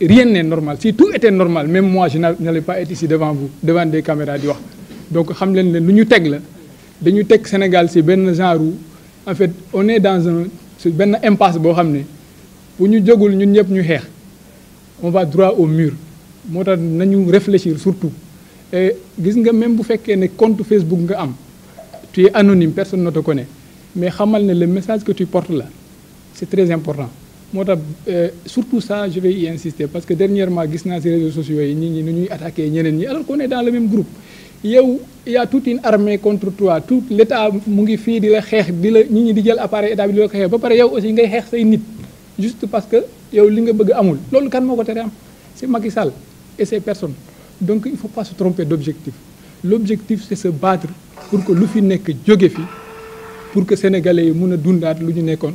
rien n'est normal si tout était normal même moi je n'allais pas être ici devant vous devant des caméras du donc je sais ne nous sommes la Sénégal c'est ben genre en fait on est dans un impasse Pour nous Pour on va droit au mur Nous nous réfléchir surtout et gis nga même bu un compte Facebook tu es anonyme personne ne te connaît mais le message que tu portes là c'est très important moo tax euh, surtout ça je vais y insister parce que dernièrement gis naa ci réseaux sociaux yi nit ñi nu ñuy attaquer ñeneen ñi alors qu'on est dans le même groupe yow y a toute une armée contre toi tout l'État mu ngi fii di la xeex di la nit ñi di jël appareil état bi di la ko xeex ba pare yow aussi ngay xeex say nit juste parce que yow li nga bëgg amul loolu kan moo ko tere am c'est Macky Sall et ses personnes donc il faut pas se tromper d'objectif l'objectif c'est se battre pour que lu fi nekk jóge fi pour que sénégalais yi mun a dundaat lu ñu nekkoon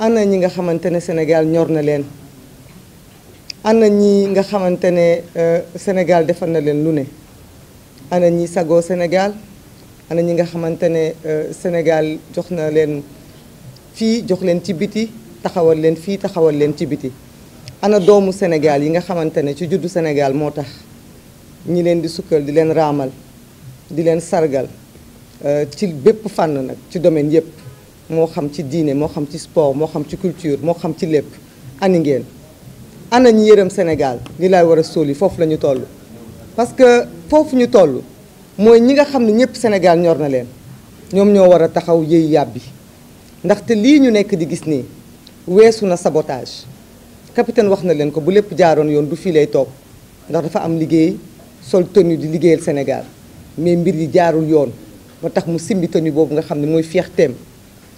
ana ñi nga xamante ne Sénégal ñor na leen ana ñi nga xamante ne euh, Sénégal defal na leen lu ne ana ñi sagoo Sénégal ana ñi nga xamante ne euh, Sénégal jox na leen fii jox leen ci biti taxawal leen fii taxawal leen ci biti ana doomu Sénégal yi nga xamante ne ci juddu Sénégal moo tax ñi leen di sukkal di leen raamal di leen sargal euh, ci bépp fànn nag ci domaine yépp moo xam ci diine moo xam ci sport moo xam ci culture moo xam ci lépp ani ngeen ana ñi yërëm Sénégal li laay war a sóol yi foofu la ñu toll parce que foofu ñu toll mooy ñi nga xam ne ñëpp Sénégal ñor na leen ñoom ñoo war a taxaw yëy yàbbi ndaxte lii ñu nekk di gis nii weesu na sabotage capitaine wax na leen ko bu lépp jaaroon yoon du fii lay toog ndax dafa am liggéey sol tenue di liggéeyal Sénégal mais mbir yi jaarul yoon ba tax mu simbi tenue boobu nga xam ne mooy fierteem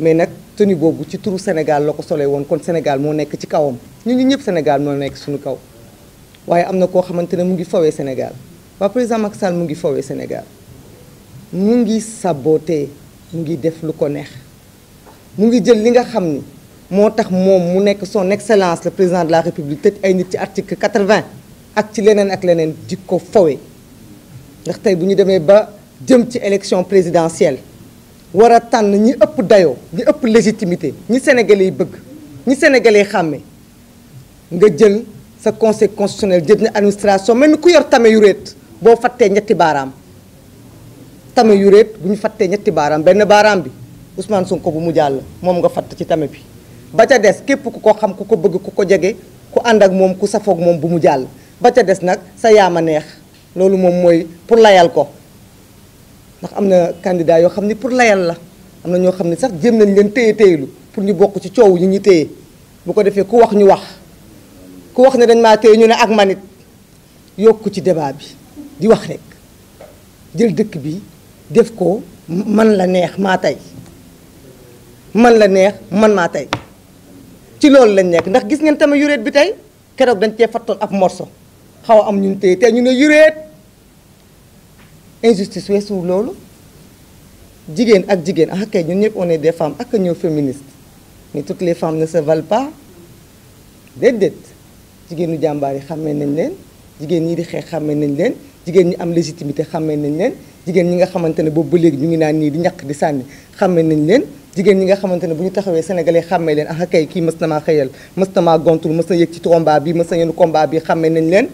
mais nak tenu bobu ci touru Sénégal lako solé won kon Sénégal mo nek ci kawam ñun ñu ñëpp Sénégal mo nek suñu kaw waye amna ko xamantene ne mu ngi fawé Sénégal waa président mak Sall mu ngi fawé Sénégal mu ngi saboté mu ngi def lu ko neex mu ngi jël li nga xamni motax mom mu nek son excellence le président de la république tëj ay nit ci article 80 ak ci lenen ak lenen di ko fawé ndax tay buñu démé ba jëm ci élection présidentielle war a tànn ñi ëpp dayoo ñi ëpp légitimité ñi sénégalais yi bëgg ñi sénégale yi xàmme nga jël sa conseil constitutionnel jël na administration mel ni ku yor tame yu réet boo fàttee ñetti baaraam tame yu réet bu ñu fàttee ñetti baaraam benn baaraam bi Ousmane Sonko bu mu jàll moom nga fatt ci tamit bi ba ca des képp ku ko xam ku ko bëgg ku ko jege ku ànd ak moom ku safoog moom bu mu jàll ba ca des nag sa yaama neex loolu moom mooy pour layal ko ndax am na candidat yoo xam ne pour layal la am na ñoo xam ne sax jéem nañ leen téye téyelu pour ñu bokk ci coow ñu ñu téye bu ko defee ku wax ñu wax ku wax ne dañ maa téye ñu ne ak manit yokk ci débat bi di wax rek jël dëkk bi def ko man la neex maa tey man la neex man maa tey ci loolu lañ nekk ndax gis ngeen tamit yuréet bi tey keroog dañ cee fattoon ab morso xaw a am ñun téye te ñu ne yuréet injustice sous loolu jigéen ak jigéen ak ah, kay ñun ñëpp on est des femmes ak ñoo féministes mais toutes les femmes ne se valent pas déedéet jigéenu jàmbaar yi xàmmee nañ leen jigéen ñi di xeex xàmmee nañ leen jigéen ñi am légitimité xàmmee nañ leen jigéen ñi nga xamantene bo boobu ba léegi ñu ngi naan nii di ñàkk di sànni xàmmee nañ leen jigéen ñi nga xamantene ne bu ñu taxawee sénégalais xàmmee leen ak ah, kay kii mës xeyal, maa xëyal mës na gontul mës na ci tromba bi mës na combat bi xàmmee nañ leen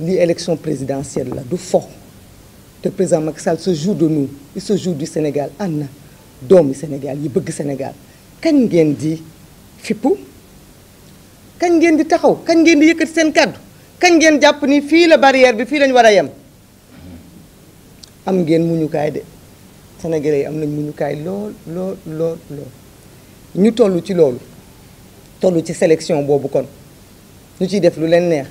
lii élection présidentielle la du fo le président Macky Sall se joue de nous il se joue du Sénégal Anna, d'homme du Sénégal yi le Sénégal dit ngeen di Fipou », ngeen di taxaw ngeen di ni la barrière a am Sénégalais am nañ lool lool lool ñu ci sélection boobu kon ñu ciy def lu leen neex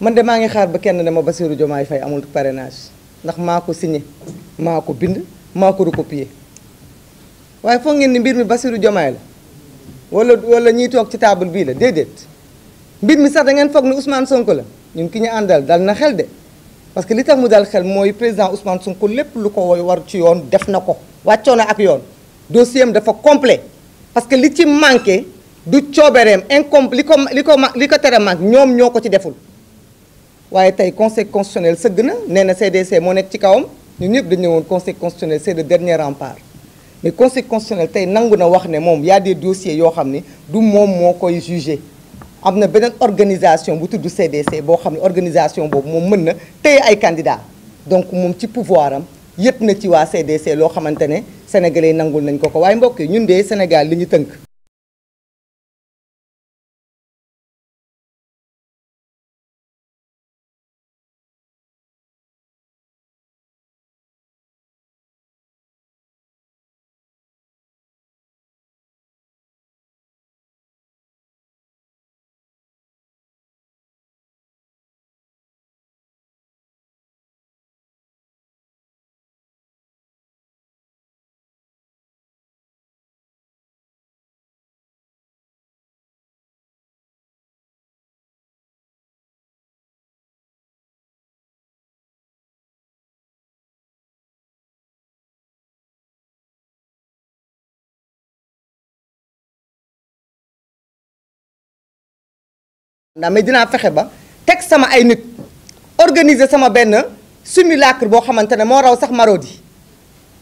man de maa ngi xaar ba kenn ne ma Bassirou fay Faye amul parrainage ndax maa ko signé maa ko bind maa ko recopié waaye foo ngeen ni mbir mi Bassirou Diomaye la wala wala ñiy toog ci table bii la déedéet mbir mi sax da ngeen foog ni Ousmane Sonko la ñun ki ñu àndal dal na xel de parce que li tax mu dal xel mooy président Ousmane Sonko lépp lu ko war ci yoon def na ko wàccoo na ak yoon dossier am dafa complet parce que li ci manqué du coobereem incomp li ko li ko li ko tere manqué ñoom ñoo ko ci deful waaye tey conseil constitutionnel sëgg na nee na CDC moo nekk ci kawam ñun ñëpp dañu ñëwoon conseil constitutionnel c'est le dernier rempart mais conseil constitutionnel tey nangu na wax ne Il y a des dossiers yoo xam ne du moom moo koy jugé am na beneen organisation bu tudd CDC boo xam ne organisation boobu moom mën na téye ay candidats donc moom ci pouvoir am yëpp na ci waa CDC loo xamante ne sénégalais nangul nañ ko ko waaye mbokk yi ñun de Sénégal li ñu tënk. ndax mais dinaa fexe ba teg sama ay nit organiser sama benn simulacre boo xamante ne moo raw sax Marodi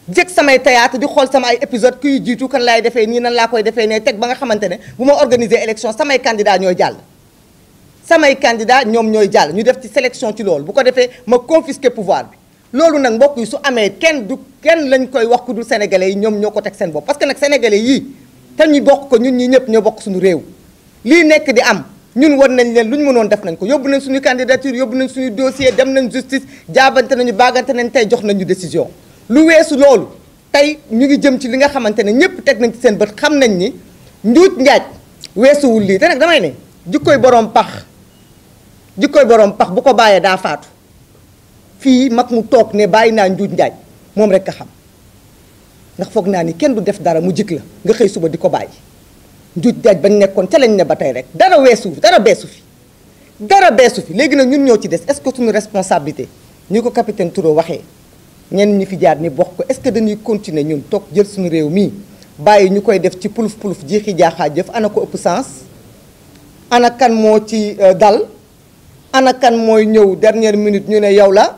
jëkk samay théâtre di xool sama ay épisode kuy jiitu kan laay defee nii nan laa koy defee ne teg ba nga xamante ne bu ma organiser élection samay kandidaa ñooy jàll samay candidat ñoom ñooy jàll ñu def ci sélection ci loolu bu ko defee ma confisquer pouvoir bi loolu nag mbokk yi su amee kenn du kenn lañ koy wax ku dul sénégalais yi ñoom ñoo ko teg seen bopp parce que nag sénégalais yii te ñu bokk ko ñun ñi ñëpp ñoo bokk suñu réew lii nekk di am ñun war nañ leen lu ñu mënoon def nañ ko yóbbu nañ suñu candidature yóbbu nañ suñu dossier dem nañ justice jaabante nañu baagante nañ tey jox nañu décision lu weesu loolu tey ñu ngi jëm ci li nga xamante ne ñëpp teg nañ ci seen bët xam nañ ni njuuj njaaj weesuwul lii te nag damay ne jikkoy boroom pax jikkoy borom pax bu ko bàyyee daa faatu fii mag mu toog ne bàyyi naa njuuj njaaj moom rek a xam ndax foog naa ni kenn du def dara mu jik la nga xëy suba di ko bàyyi njuuj daaj ba nekkoon ca lañ ne ba tey rek dara weesu dara beesu fi dara beesu fi léegi nag ñun ñoo ci des est-ce que suñu responsabilité ñu ko capitaine Touré waxee ñenn ñi fi jaar ni bokk ko est-ce que dañuy continuer ñun toog jël suñu réew mii bàyyi ñu koy def ci puluf puluf jiixi jaaxaa jëf ana ko ëpp sens ana kan moo ci euh, dal ana kan mooy ñëw dernière minute ñu ne yow la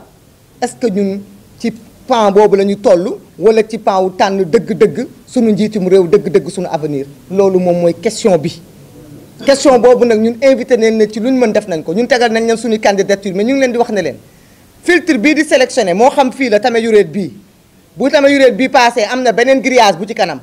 est-ce que ñun ci pan bobu la ñu toll wala ci pan wu tànn deug deug suñu njiitum rew deug deug suñu avenir lolu mom moy question bi question bobu nak ñun invité nañ ne ci luñ mën def nañ ko ñun tégal nañ leen suñu candidature mais ñu ngi leen di wax ne leen filtre bi di sélectionner mo xam fi la tame yuréet bii bu tame yuréet bii passé amna benen beneen grillage bu ci kanam